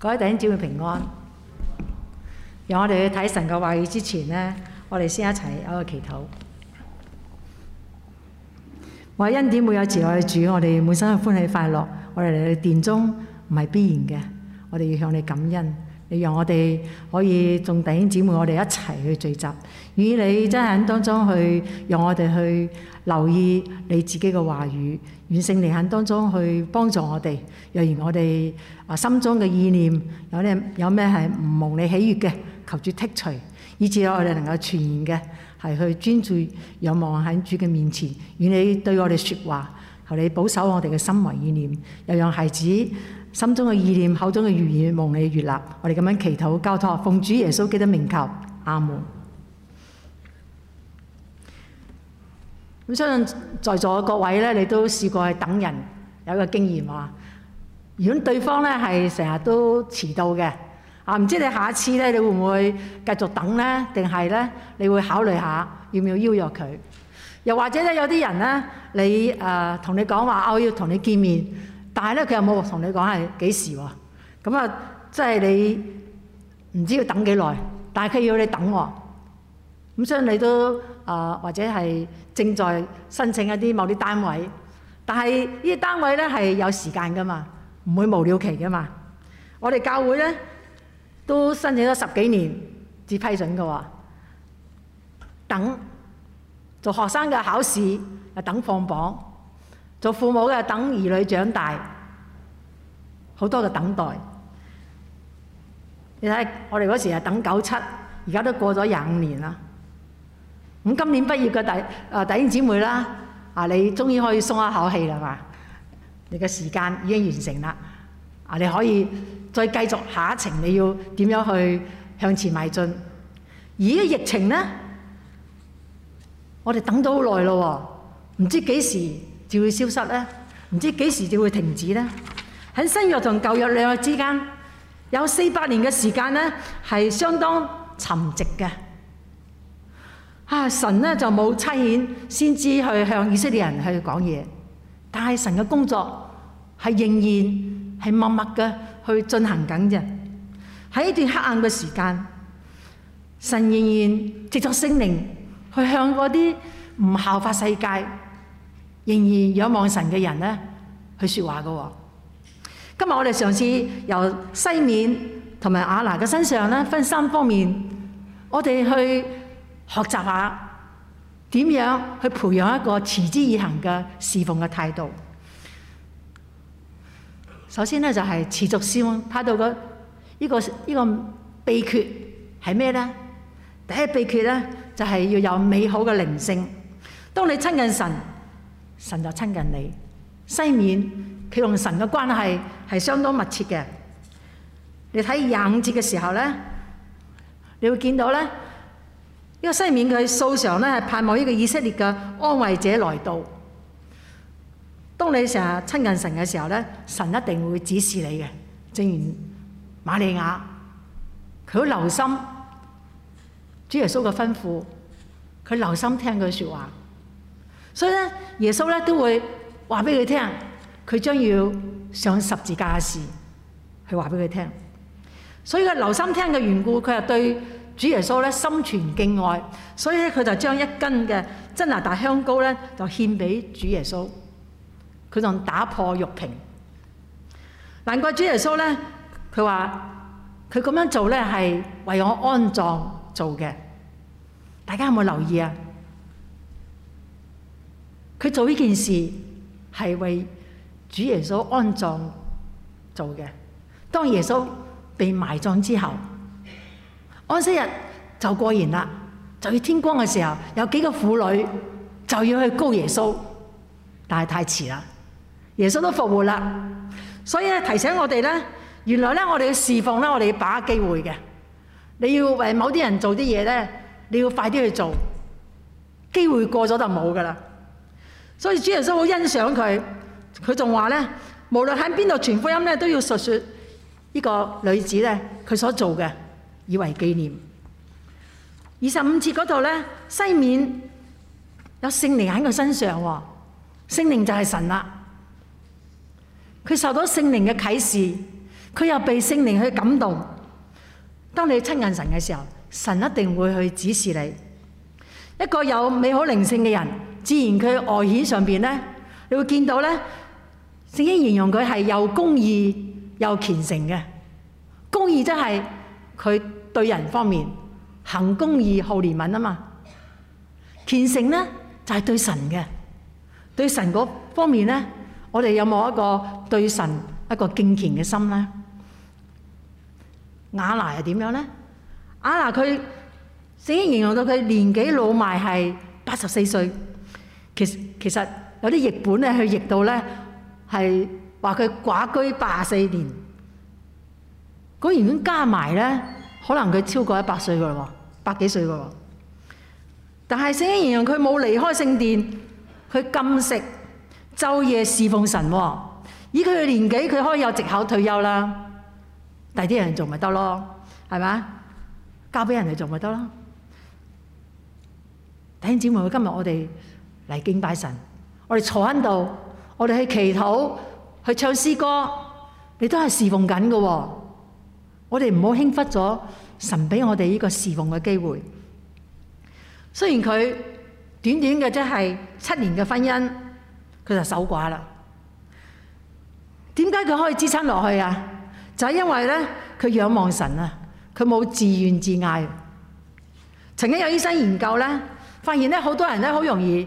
各位弟兄姊妹平安，由我哋去睇神嘅話語之前呢，我哋先一齊有一個祈禱。我哋恩典會有慈愛嘅主，我哋滿身嘅歡喜快樂，我哋嚟到殿中唔係必然嘅，我哋要向你感恩。你讓我哋可以眾弟兄姊妹，我哋一齊去聚集，與你真係喺當中去，讓我哋去留意你自己嘅話語，完成你喺當中去幫助我哋。又如我哋啊心中嘅意念，有啲有咩係唔蒙你喜悅嘅，求主剔除，以至我哋能夠全然嘅，係去專注仰望喺主嘅面前。與你對我哋說話，求你保守我哋嘅心懷意念，又讓孩子。心中嘅意念，口中嘅語言，蒙你悅納，我哋咁樣祈禱交託，奉主耶穌基督名求，阿門。咁相信在座嘅各位呢你都試過去等人有一個經驗啊如果對方呢係成日都遲到嘅，啊唔知你下一次呢你會唔會繼續等呢？定係呢？你會考慮下要唔要邀約佢？又或者咧有啲人呢，你誒同、呃、你講話我要同你見面。但係咧，佢又冇同你講係幾時喎？咁啊，即係你唔知要等幾耐，但係佢要你等喎、啊。咁所以你都啊、呃，或者係正在申請一啲某啲單位，但係呢啲單位咧係有時間噶嘛，唔會無了期噶嘛。我哋教會咧都申請咗十幾年至批准嘅喎，等做學生嘅考試，又等放榜。做父母嘅等兒女長大，好多嘅等待。你睇我哋嗰時係等九七，而家都過咗廿五年啦。咁今年畢業嘅第啊弟兄姊妹啦，啊你終於可以鬆一口氣啦嘛？你嘅時間已經完成啦，啊你可以再繼續下一程，你要點樣去向前邁進？而家疫情咧，我哋等咗好耐咯喎，唔知幾時，就會消失咧，唔知幾時就會停止咧。喺新約同舊約兩約之間，有四百年嘅時間呢，係相當沉寂嘅。啊，神呢，就冇差遣先知去向以色列人去講嘢，但係神嘅工作係仍然係默默嘅去進行緊嘅。喺呢段黑暗嘅時間，神仍然藉著聖靈去向嗰啲唔效法世界，仍然仰望神嘅人咧，去説話嘅，哦。今日我哋嘗試由西面同埋阿拿嘅身上咧，分三方面，我哋去學習下點樣去培養一個持之以恒嘅侍奉嘅態度。首先咧就係，是，持續侍奉，睇到，這個呢個呢個秘訣係咩咧？第一秘訣咧就係，是，要有美好嘅靈性。當你親近神。神就親近你，西面，佢同神嘅關係係相當密切嘅。你睇廿五節嘅時候咧，你會見到咧，呢、這個西面。佢素常咧係盼望呢個以色列嘅安慰者來到。當你成日親近神嘅時候咧，神一定會指示你嘅。正如瑪利亞，佢好留心主耶穌嘅吩咐，佢留心聽佢說話。所以咧，耶穌咧都會話俾佢聽，佢將要上十字架事，去話俾佢聽。所以佢留心聽嘅緣故，佢係對主耶穌咧心存敬愛，所以咧佢就將一斤嘅真拿大香膏咧就獻俾主耶穌，佢就打破玉瓶。難怪主耶穌咧，佢話佢咁樣做咧係為我安葬做嘅。大家有冇留意啊？佢做呢件事係為主耶穌安葬做嘅。當耶穌被埋葬之後，安息日就過完啦，就要天光嘅時候，有幾個婦女就要去膏耶穌，但係太遲啦。耶穌都復活啦，所以咧提醒我哋咧，原來咧我哋要侍奉咧，我哋要把握機會嘅。你要為某啲人做啲嘢咧，你要快啲去做，機會過咗就冇噶啦。所以主耶穌好欣賞佢，佢仲話咧，無論喺邊度傳福音咧，都要述説呢個女子咧，佢所做嘅，以為紀念。二十五節嗰度咧，西面有聖靈喺佢身上喎，聖靈就係神啦。佢受到聖靈嘅啟示，佢又被聖靈去感動。當你親近神嘅時候，神一定會去指示你一個有美好靈性嘅人。自然佢外顯上邊咧，你會見到咧，聖經形容佢係又公義又虔誠嘅。公義即係佢對人方面行公義、好憐憫啊嘛。虔誠咧就係對神嘅，對神嗰方面咧，我哋有冇一個對神一個敬虔嘅心咧？雅拿係點樣咧？雅拿佢聖經形容到佢年紀老邁係八十四歲。其實其實有啲譯本咧，去譯到咧係話佢寡居八四年，嗰樣已經加埋咧，可能佢超過一百歲噶咯喎，百幾歲噶喎。但係聖經形容佢冇離開聖殿，佢禁食，晝夜侍奉神。以佢嘅年紀，佢可以有藉口退休啦。第啲人做咪得咯，係咪？交俾人哋做咪得咯。弟兄姊妹，今日我哋。嚟敬拜神，我哋坐喺度，我哋去祈禱，去唱詩歌，你都係侍奉緊嘅喎。我哋唔好輕忽咗神俾我哋呢個侍奉嘅機會。雖然佢短短嘅即係七年嘅婚姻，佢就守寡啦。點解佢可以支撐落去啊？就係因為咧，佢仰望神啊，佢冇自怨自艾。曾經有醫生研究咧，發現咧好多人呢，好容易。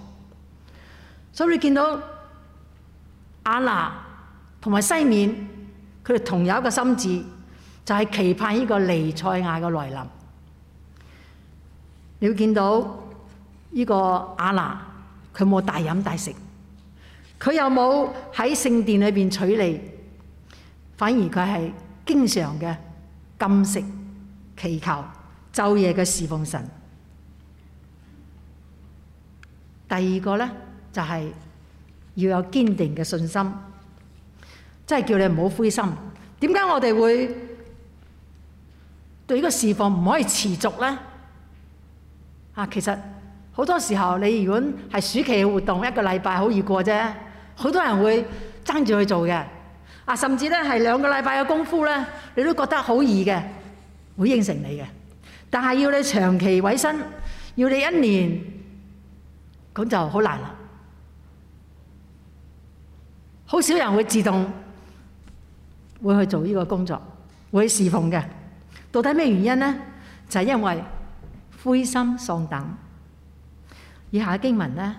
所以你見到亞拿同埋西面，佢哋同樣一個心志，就係、是、期盼呢個彌賽亞嘅來臨。你會見到呢個亞拿，佢冇大飲大食，佢又冇喺聖殿裏邊取利，反而佢係經常嘅禁食、祈求、晝夜嘅侍奉神。第二個咧。就係要有堅定嘅信心，真係叫你唔好灰心。點解我哋會對呢個事奉唔可以持續呢？啊，其實好多時候，你如果係暑期嘅活動，一個禮拜好易過啫。好多人會爭住去做嘅。啊，甚至咧係兩個禮拜嘅功夫咧，你都覺得好易嘅，會應承你嘅。但係要你長期委身，要你一年，咁就好難啦。好少人會自動會去做呢個工作，會去侍奉嘅。到底咩原因呢？就係、是、因為灰心喪膽。以下嘅經文呢，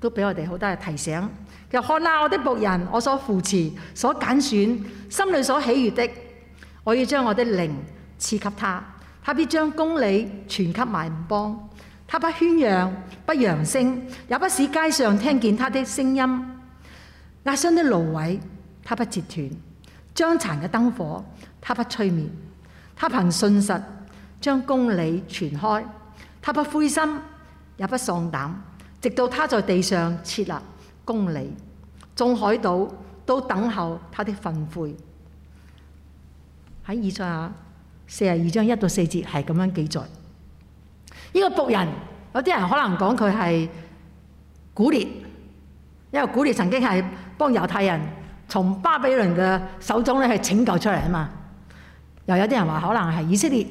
都俾我哋好多嘅提醒。其實看啊，我的僕人，我所扶持、所揀選、心裡所喜悅的，我要將我的靈賜給他，他必將公理傳給萬邦。他不喧嚷，不揚聲，也不使街上聽見他的聲音。壓傷的蘆葦，他不折斷；將殘嘅燈火，他不吹滅。他憑信實將公理傳開，他不灰心也不喪膽，直到他在地上設立公理，眾海島都等候他的訓誨。喺《以賽亞》四十二章一到四節係咁樣記載。呢、這個僕人，有啲人可能講佢係古列。因為古列曾經係幫猶太人從巴比倫嘅手中咧係拯救出嚟啊嘛，又有啲人話可能係以色列，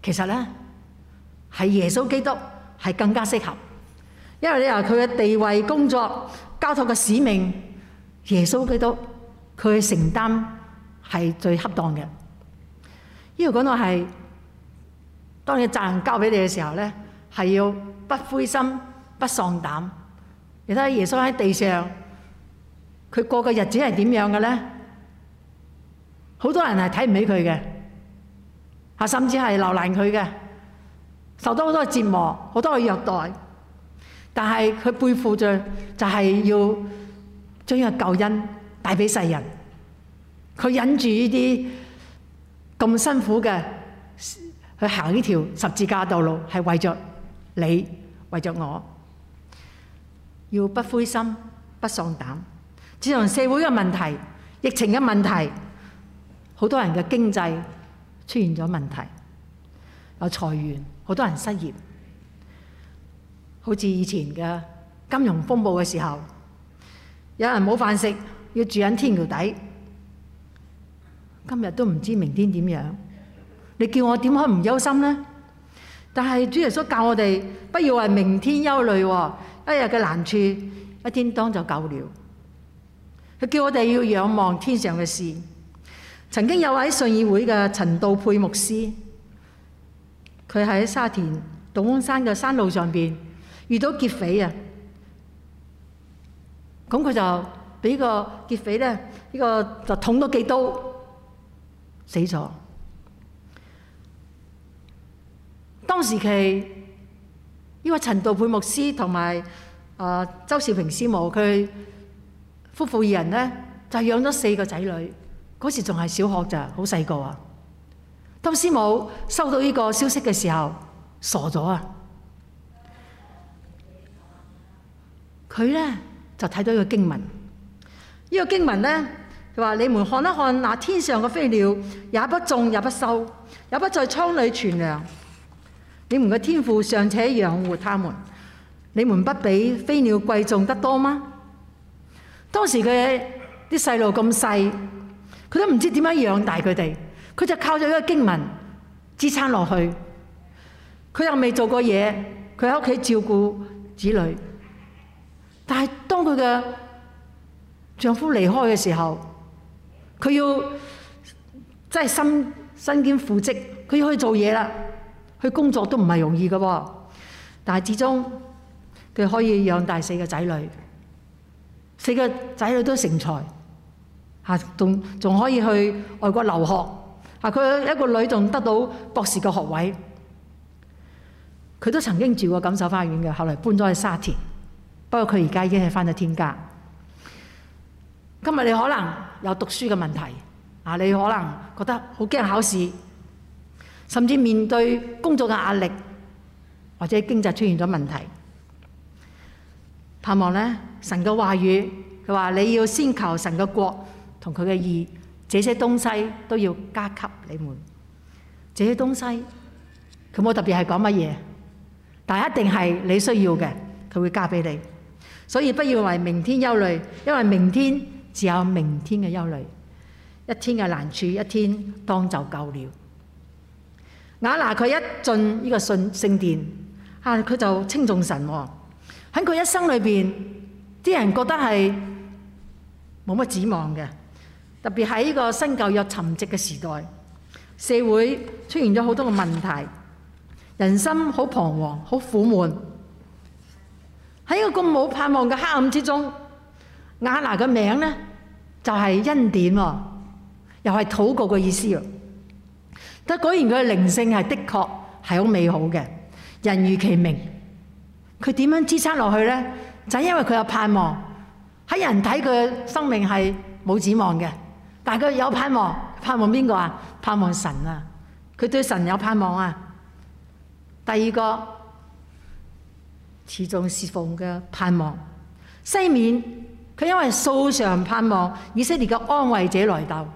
其實咧係耶穌基督係更加適合，因為咧啊佢嘅地位、工作、交託嘅使命，耶穌基督佢嘅承擔係最恰當嘅。呢度講到係當你責任交俾你嘅時候咧，係要不灰心。不喪膽，你睇下耶穌喺地上，佢過嘅日子係點樣嘅咧？好多人係睇唔起佢嘅，啊甚至係留難佢嘅，受到好多折磨，好多嘅虐待。但係佢背負著，就係要將呢個救恩帶俾世人。佢忍住呢啲咁辛苦嘅，去行呢條十字架道路，係為著你，為著我。要不灰心，不喪膽。自從社會嘅問題、疫情嘅問題，好多人嘅經濟出現咗問題，有裁員，好多人失業。好似以前嘅金融風暴嘅時候，有人冇飯食，要住喺天橋底。今日都唔知明天點樣，你叫我點可唔憂心呢？但係主耶穌教我哋，不要為明天憂慮喎。一日嘅難處，一天當就夠了。佢叫我哋要仰望天上嘅事。曾經有位信義會嘅陳道佩牧師，佢喺沙田道風山嘅山路上邊遇到劫匪啊！咁佢就俾個劫匪咧，呢、呢個就捅咗幾刀，死咗。當時佢。因為陳道佩牧師同埋啊周少平師母佢夫婦二人呢，就係養咗四個仔女，嗰時仲係小學咋，好細個啊！當師母收到呢個消息嘅時候傻咗啊！佢呢，就睇到一個經文，呢、呢個經文呢，就話：你們看一看，那天上嘅飛鳥也不種也不收，也不在倉裏存糧。你們嘅天父尚且養活他們，你們不比飛鳥貴重得多嗎？當時佢啲細路咁細，佢都唔知點樣養大佢哋，佢就靠咗一個經文支撐落去。佢又未做過嘢，佢喺屋企照顧子女。但係當佢嘅丈夫離開嘅時候，佢要即係身身兼父職，佢要去做嘢啦。佢工作都唔係容易嘅，但係始終佢可以養大四個仔女，四個仔女都成才，嚇，仲仲可以去外國留學，嚇，佢一個女仲得到博士嘅學位，佢都曾經住過錦繡花園嘅，後嚟搬咗去沙田，不過佢而家已經係返咗天家。今日你可能有讀書嘅問題，啊，你可能覺得好驚考試。甚至面對工作嘅壓力，或者經濟出現咗問題，盼望呢，神嘅話語，佢話你要先求神嘅國同佢嘅義，這些東西都要加給你們。這些東西佢冇特別係講乜嘢，但一定係你需要嘅，佢會加俾你。所以不要為明天憂慮，因為明天只有明天嘅憂慮，一天嘅難處一天當就夠了。雅拿佢一進呢個聖聖殿，啊，佢就稱頌神喎，哦。喺佢一生裏邊，啲人覺得係冇乜指望嘅。特別喺呢個新舊約沉寂嘅時代，社會出現咗好多嘅問題，人心好彷徨，好苦悶。喺呢個咁冇盼望嘅黑暗之中，雅拿嘅名咧就係，是，恩典喎，哦，又係禱告嘅意思啊。但果然佢嘅靈性係的確係好美好嘅，人如其名，佢點樣支撐落去呢？就係因為佢有盼望。喺人體佢嘅生命係冇指望嘅，但係佢有盼望，盼望邊個啊？盼望神啊！佢對神有盼望啊。第二個始終侍奉嘅盼望，西面佢因為素常盼望以色列嘅安慰者來到，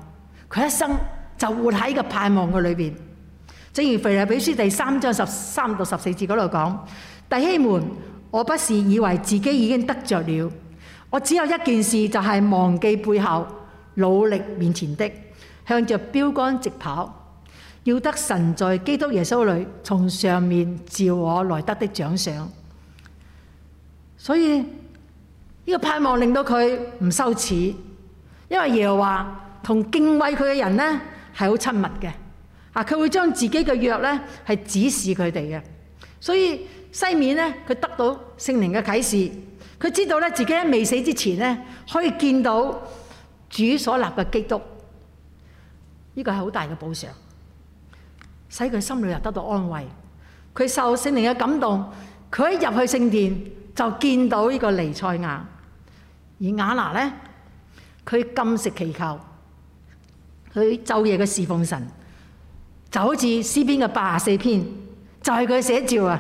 佢一生。就活喺個盼望嘅裏邊，正如腓立比書第三章十三到十四節嗰度講：弟兄們，我不是以為自己已經得着了，我只有一件事就係忘記背後，努力面前的，向着標杆直跑，要得神在基督耶穌裏從上面召我來得的獎賞。所以呢、這個盼望令到佢唔羞恥，因為耶和華同敬畏佢嘅人呢，係好親密嘅。啊，佢會將自己嘅約呢，係指示佢哋嘅，所以西面呢，佢得到聖靈嘅啟示，佢知道咧，自己喺未死之前呢可以見到主所立嘅基督，呢個係好大嘅補償，使佢心裏又得到安慰。佢受聖靈嘅感動，佢一入去聖殿就見到呢個尼賽亞，而雅拿呢，佢禁食祈求。佢晝夜嘅侍奉神，就好似詩篇嘅八十四篇，就係佢寫照啊！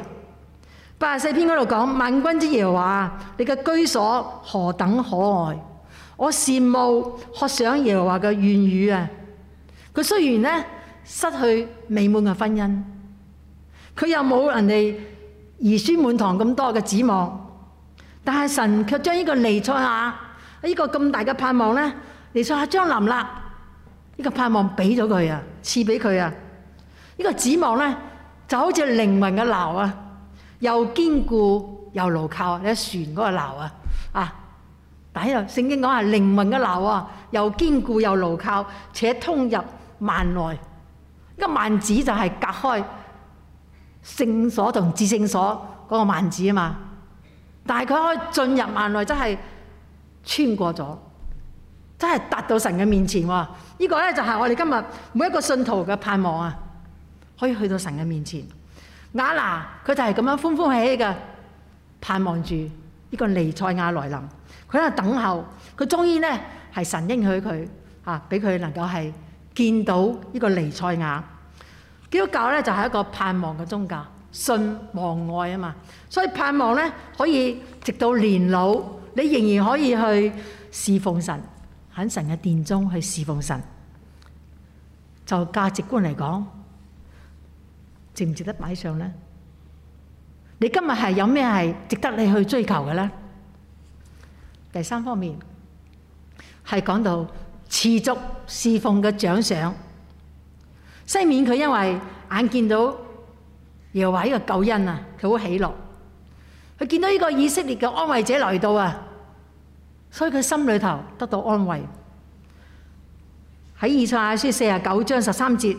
八十四篇嗰度講萬軍之耶和華，你嘅居所何等可愛，我羨慕、渴想耶和華嘅願語啊！佢雖然呢失去美滿嘅婚姻，佢又冇人哋兒孫滿堂咁多嘅指望，但係神卻將呢個彌賽亞呢，呢個咁大嘅盼望呢，彌賽亞將臨啦。呢個盼望俾咗佢啊，賜俾佢啊！呢個指望咧，就好似靈魂嘅牢啊，又堅固又牢靠，你你船嗰個牢啊啊！第一，聖經講話，靈魂嘅牢啊，又堅固又牢靠，且通入幔內。呢個幔子就係隔開聖所同至聖所嗰個幔子啊嘛，但係佢可以進入幔內，真係穿過咗。真係達到神嘅面前喎！呢個呢，就係我哋今日每一個信徒嘅盼望啊，可以去到神嘅面前。雅娜，佢就係咁樣歡歡喜喜嘅盼望住呢個彌賽亞來臨。佢喺度等候，佢終於呢，係神應許佢嚇，俾佢能夠係見到呢個彌賽亞。基督教呢，就係一個盼望嘅宗教，信望愛啊嘛，所以盼望呢，可以直到年老，你仍然可以去侍奉神。喺神嘅殿中去侍奉神，就價值觀嚟講，值唔值得擺上咧？你今日係有咩係值得你去追求嘅咧？第三方面係講到持續侍奉嘅獎賞，西面佢因為眼見到又話呢個救恩啊，佢好喜樂，佢見到呢個以色列嘅安慰者來到啊！所以佢心裏頭得到安慰，喺《以賽亞書》四十九章十三節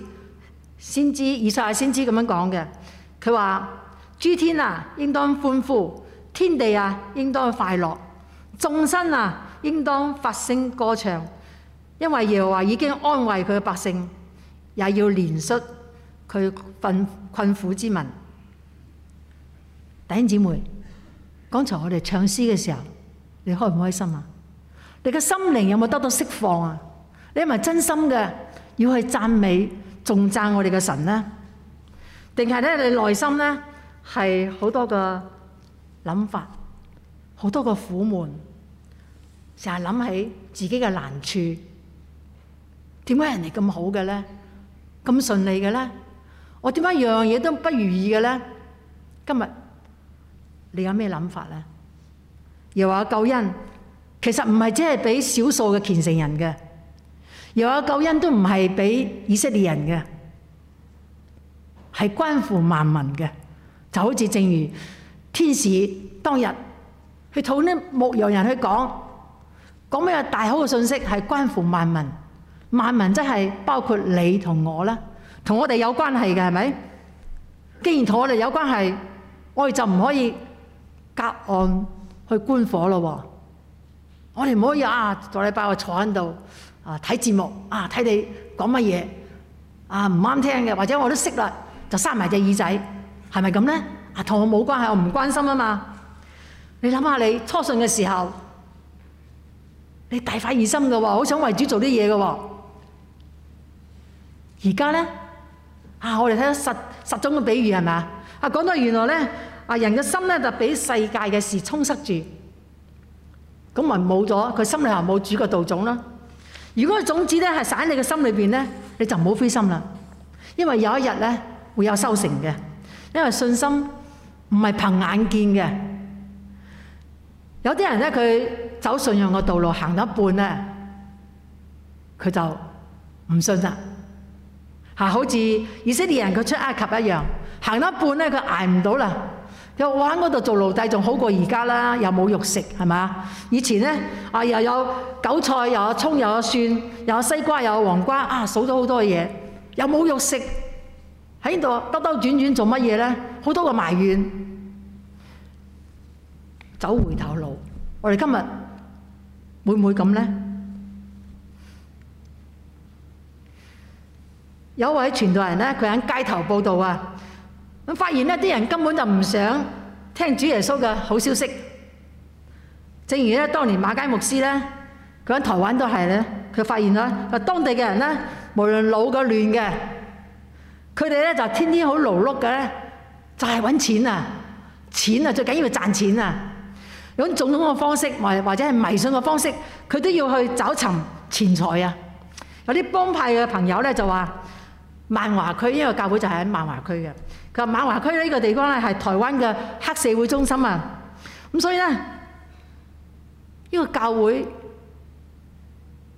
先知以賽亞先知咁樣講嘅，佢話：諸天啊，應當歡呼；天地啊，應當快樂；眾生啊，應當發聲歌唱，因為耶和華已經安慰佢嘅百姓，也要憐恤佢困困苦之民。弟兄姊妹，剛才我哋唱詩嘅時候，你開唔開心啊？你嘅心靈有冇得到釋放啊？你係咪真心嘅，要去讚美，仲讚我哋嘅神呢？定係咧，你內心咧係好多嘅諗法，好多個苦悶，成日諗起自己嘅難處。點解人哋咁好嘅咧？咁順利嘅咧？我點解樣樣嘢都不如意嘅咧？今日你有咩諗法咧？又話救恩。其實唔係只係俾少數嘅虔誠人嘅，又有救恩都唔係俾以色列人嘅，係關乎萬民嘅。就好似正如天使當日去同啲牧羊人去講，講乜嘢大好嘅信息，係關乎萬民。萬民真係包括你同我啦，同我哋有關係嘅係咪？既然同我哋有關係，我哋就唔可以隔岸去觀火咯。我哋唔可以啊，個禮拜我坐喺度啊睇節目啊，睇你講乜嘢啊，唔啱聽嘅，或者我都識啦，就塞埋隻耳仔，係咪咁咧？啊同我冇關係，我唔關心啊嘛。你諗下，你初信嘅時候，你大快意心嘅喎，好想為主做啲嘢嘅喎。而家咧啊，我哋睇到撒撒種嘅比喻，係咪啊？啊講到原來咧啊人嘅心咧就俾世界嘅事充塞住。咁咪冇咗佢心裏頭冇主個道種啦。如果個種子咧係散喺你嘅心裏邊咧，你就唔好灰心啦，因為有一日咧會有收成嘅。因為信心唔係憑眼見嘅。有啲人咧佢走信仰嘅道路行到一半咧，佢就唔信啦。係好似以色列人佢出埃及一樣，行到一半咧佢挨唔到啦。又玩嗰度做奴隸仲好過而家啦，又冇肉食係嘛？以前呢，啊又有韭菜又有蔥又有蒜又有西瓜又有黃瓜啊，數咗好多嘢，又冇肉食，喺呢度兜兜轉轉做乜嘢呢？好多個埋怨，走回頭路。我哋今日會唔會咁呢？有一位傳道人呢，佢喺街頭報道啊。咁發現呢啲人根本就唔想聽主耶穌嘅好消息。正如咧，當年馬偕牧師咧，佢喺台灣都係咧，佢發現咧，當地嘅人咧，無論老嘅、嫩嘅，佢哋咧就天天好勞碌嘅，就係、是、揾錢啊，錢啊，最緊要係賺錢啊。用種種嘅方式，或或者係迷信嘅方式，佢都要去找尋錢財啊。有啲幫派嘅朋友咧就話，萬華區呢個教會就係喺萬華區嘅。咁，萬華區呢個地方咧，係台灣嘅黑社會中心啊！咁所以呢，呢個教會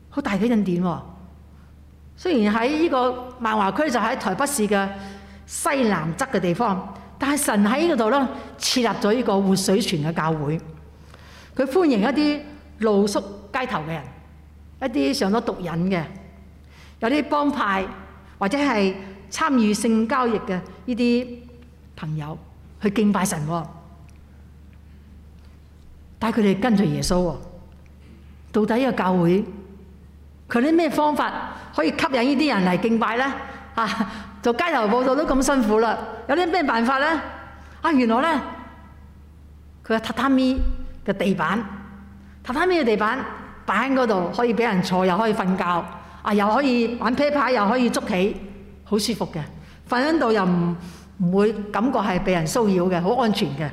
好大嘅印點喎。雖然喺呢個萬華區就喺台北市嘅西南側嘅地方，但係神喺呢度呢設立咗呢個活水泉嘅教會。佢歡迎一啲露宿街頭嘅人，一啲上咗毒癮嘅，有啲幫派或者係參與性交易嘅。呢啲朋友去敬拜神、啊，但係佢哋跟住耶穌、啊。到底個教會佢啲咩方法可以吸引呢啲人嚟敬拜咧？啊，做街頭報道都咁辛苦啦，有啲咩辦法咧？啊，原來咧佢係榻榻米嘅地板，榻榻米嘅地板擺喺嗰度可以俾人坐，又可以瞓覺，啊，又可以玩啤牌，又可以捉棋，好舒服嘅。瞓喺度又唔唔會感覺係被人騷擾嘅，好安全嘅。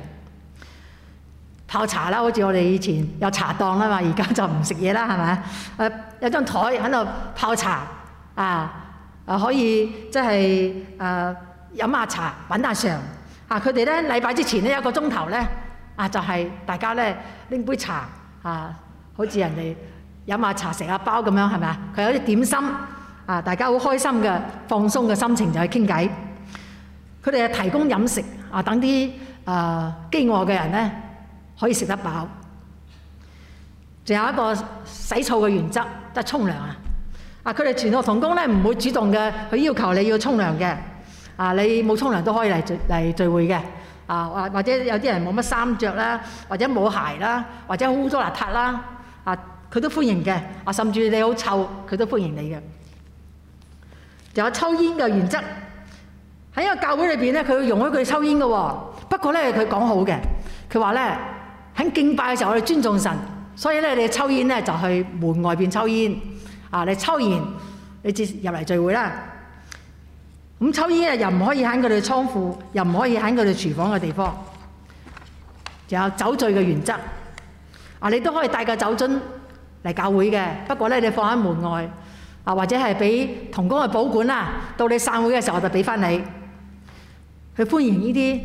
泡茶啦，好似我哋以前有茶檔啦嘛，而家就唔食嘢啦，係咪啊？有張枱喺度泡茶啊，啊可以即係誒飲下茶，品下嚐啊。佢哋咧禮拜之前呢，一個鐘頭咧啊，就係、是、大家咧拎杯茶啊，好似人哋飲下茶食下包咁樣係咪啊？佢有啲點,點心。啊！大家好，開心嘅放鬆嘅心情就去傾偈。佢哋係提供飲食啊，等啲啊飢餓嘅人呢可以食得飽。仲有一個洗澡嘅原則，即係沖涼啊！啊，佢哋全僗同工呢，唔會主動嘅，佢要求你要沖涼嘅啊。你冇沖涼都可以嚟聚嚟聚會嘅啊，或或者有啲人冇乜衫着啦，或者冇鞋啦，或者好污糟邋遢啦啊，佢都歡迎嘅啊。甚至你好臭，佢都歡迎你嘅。有抽煙嘅原則喺一個教會裏邊咧，佢容許佢哋抽煙嘅。不過咧，佢講好嘅，佢話咧喺敬拜嘅時候，我哋尊重神，所以咧你哋抽煙咧就去門外邊抽煙。啊，你抽完你接入嚟聚會啦。咁抽煙咧又唔可以喺佢哋倉庫，又唔可以喺佢哋廚房嘅地方。有酒醉嘅原則啊，你都可以帶個酒樽嚟教會嘅，不過咧你放喺門外。啊，或者係俾童工去保管啦，到你散會嘅時候就俾翻你去歡迎呢啲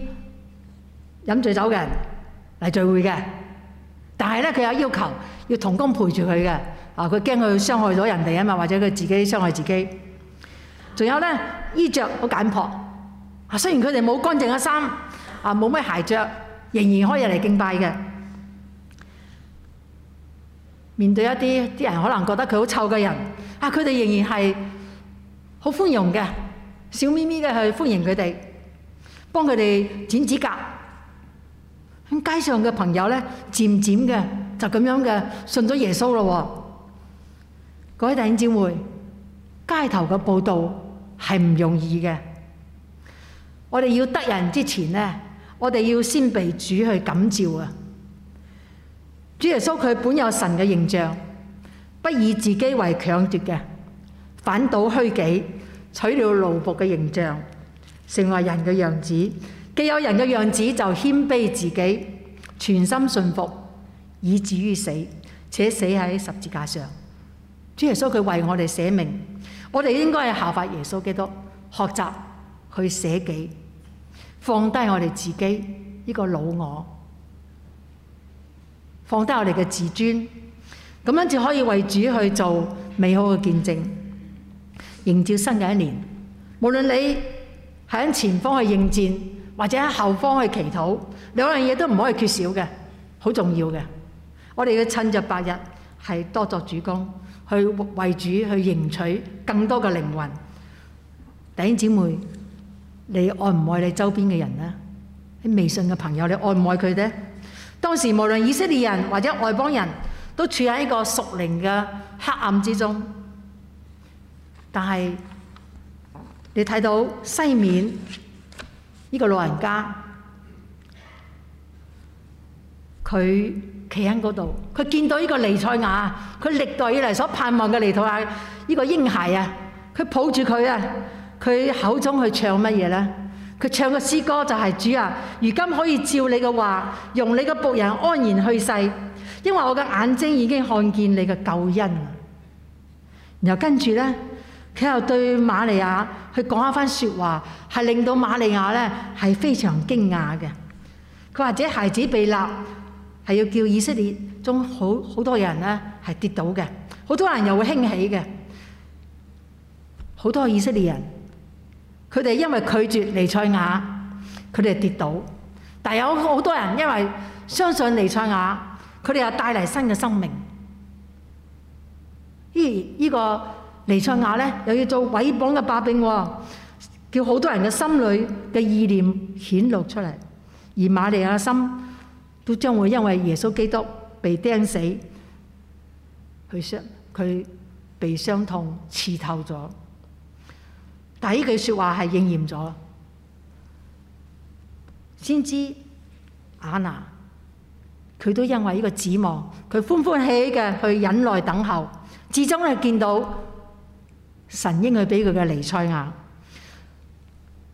飲醉酒嘅人嚟聚會嘅。但係咧，佢有要求要童工陪住佢嘅，啊，佢驚佢傷害咗人哋啊嘛，或者佢自己傷害自己。仲有咧，衣著好簡樸啊，雖然佢哋冇乾淨嘅衫啊，冇咩鞋著，仍然可以嚟敬拜嘅。面對一啲啲人可能覺得佢好臭嘅人。啊！佢哋仍然係好寬容嘅，笑眯眯嘅去歡迎佢哋，幫佢哋剪指甲。咁、嗯、街上嘅朋友咧，漸漸嘅就咁樣嘅信咗耶穌咯。各位弟兄姊妹，街頭嘅佈道係唔容易嘅。我哋要得人之前呢，我哋要先被主去感召啊！主耶穌佢本有神嘅形象。不以自己為強奪嘅，反倒虛己，取了奴僕嘅形象，成為人嘅樣子。既有人嘅樣子，就謙卑自己，全心信服，以至於死，且死喺十字架上。主耶穌佢為我哋捨命，我哋應該係效法耶穌基督，學習去捨己，放低我哋自己呢個老我，放低我哋嘅自尊。咁樣就可以為主去做美好嘅見證，迎接新嘅一年。無論你喺前方去應戰，或者喺後方去祈禱，兩樣嘢都唔可以缺少嘅，好重要嘅。我哋要趁著白日係多作主工，去為主去贏取更多嘅靈魂。弟兄姊妹，你愛唔愛你周邊嘅人咧？喺微信嘅朋友，你愛唔愛佢咧？當時無論以色列人或者外邦人。都處喺呢個屬靈嘅黑暗之中，但係你睇到西面呢個老人家，佢企喺嗰度，佢見到呢個尼賽亞，佢歷代以嚟所盼望嘅尼賽亞呢個嬰孩啊，佢抱住佢啊，佢口中去唱乜嘢呢？佢唱嘅詩歌就係主啊，如今可以照你嘅話，用你嘅僕人安然去世。因為我嘅眼睛已經看見你嘅救恩啦，然後跟住呢，佢又對瑪利亞去講一番説話，係令到瑪利亞呢係非常驚訝嘅。佢話，這孩子被立係要叫以色列中好好多人呢係跌倒嘅，好多人又會興起嘅，好多以色列人，佢哋因為拒絕彌賽亞，佢哋跌倒，但有好多人因為相信彌賽亞。佢哋又帶嚟新嘅生命，咦，呢、這個尼塞亞咧又要做毀謗嘅把柄，叫好多人嘅心裏嘅意念顯露出嚟，而瑪利亞嘅心都將會因為耶穌基督被釘死，佢傷佢被傷痛刺透咗，但係呢句説話係應驗咗，先知亞拿。阿娜佢都因為呢個指望，佢歡歡喜喜嘅去忍耐等候，至終係見到神應佢俾佢嘅彌賽亞。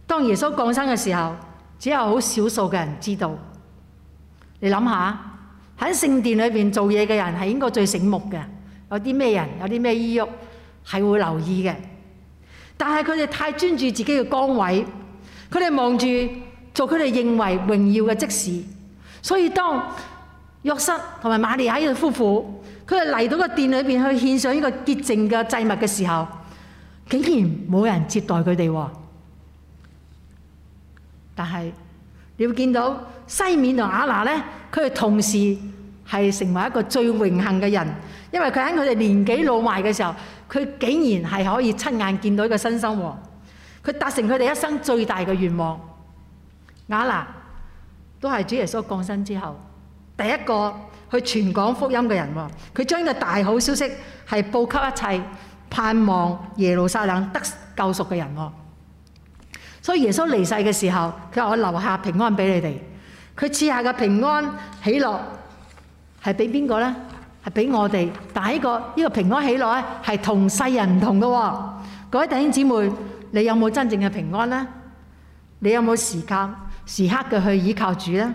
當耶穌降生嘅時候，只有好少數嘅人知道。你諗下喺聖殿裏邊做嘢嘅人係應該最醒目嘅，有啲咩人，有啲咩衣鬱係會留意嘅。但係佢哋太專注自己嘅崗位，佢哋望住做佢哋認為榮耀嘅職事，所以當。約瑟同埋瑪利亞呢對夫婦，佢哋嚟到個殿裏邊去獻上呢個潔淨嘅祭物嘅時候，竟然冇人接待佢哋。但係你會見到西面同亞拿咧，佢哋同時係成為一個最榮幸嘅人，因為佢喺佢哋年紀老邁嘅時候，佢竟然係可以親眼見到一個新生王。佢達成佢哋一生最大嘅願望。亞拿，都係主耶穌降生之後，第一個去傳講福音嘅人喎，佢將個大好消息係報給一切盼望耶路撒冷得救贖嘅人。所以耶穌離世嘅時候，佢話我留下平安俾你哋。佢賜下嘅平安喜樂係俾邊個呢？係俾我哋。但係、呢個、呢個呢、呢個平安喜樂咧，係同世人唔同嘅。各位弟兄姊妹，你有冇真正嘅平安呢？你有冇時刻時刻嘅去依靠主呢？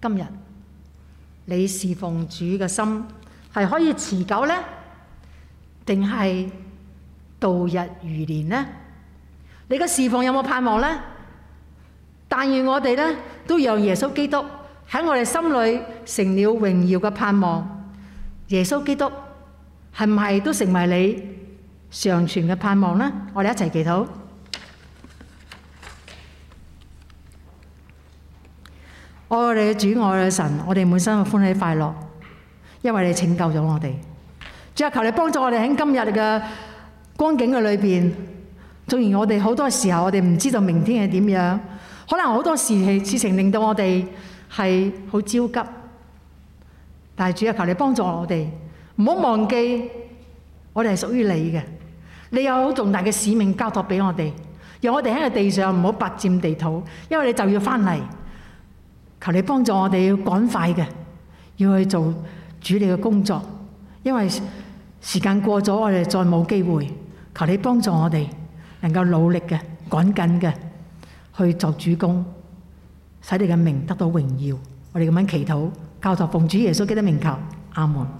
今日你侍奉主嘅心係可以持久呢？定係度日如年呢？你嘅侍奉有冇盼望呢？但願我哋呢都讓耶穌基督喺我哋心裏成了榮耀嘅盼望。耶穌基督係唔係都成為你常存嘅盼望呢？我哋一齊祈禱。我哋嘅主，愛我哋嘅神，我哋滿心嘅歡喜快樂，因為你拯救咗我哋。主啊，求你幫助我哋喺今日嘅光景嘅裏邊。縱然我哋好多時候我哋唔知道明天係點樣，可能好多事事情令到我哋係好焦急。但係主啊，求你幫助我哋，唔好忘記我哋係屬於你嘅。你有好重大嘅使命交託俾我哋，讓我哋喺個地上唔好白佔地土，因為你就要翻嚟。求你幫助我哋要趕快嘅，要去做主你嘅工作，因為時間過咗我哋再冇機會。求你幫助我哋能夠努力嘅，趕緊嘅去做主工，使你嘅名得到榮耀。我哋咁樣祈禱，教求奉主耶穌基督名求，阿門。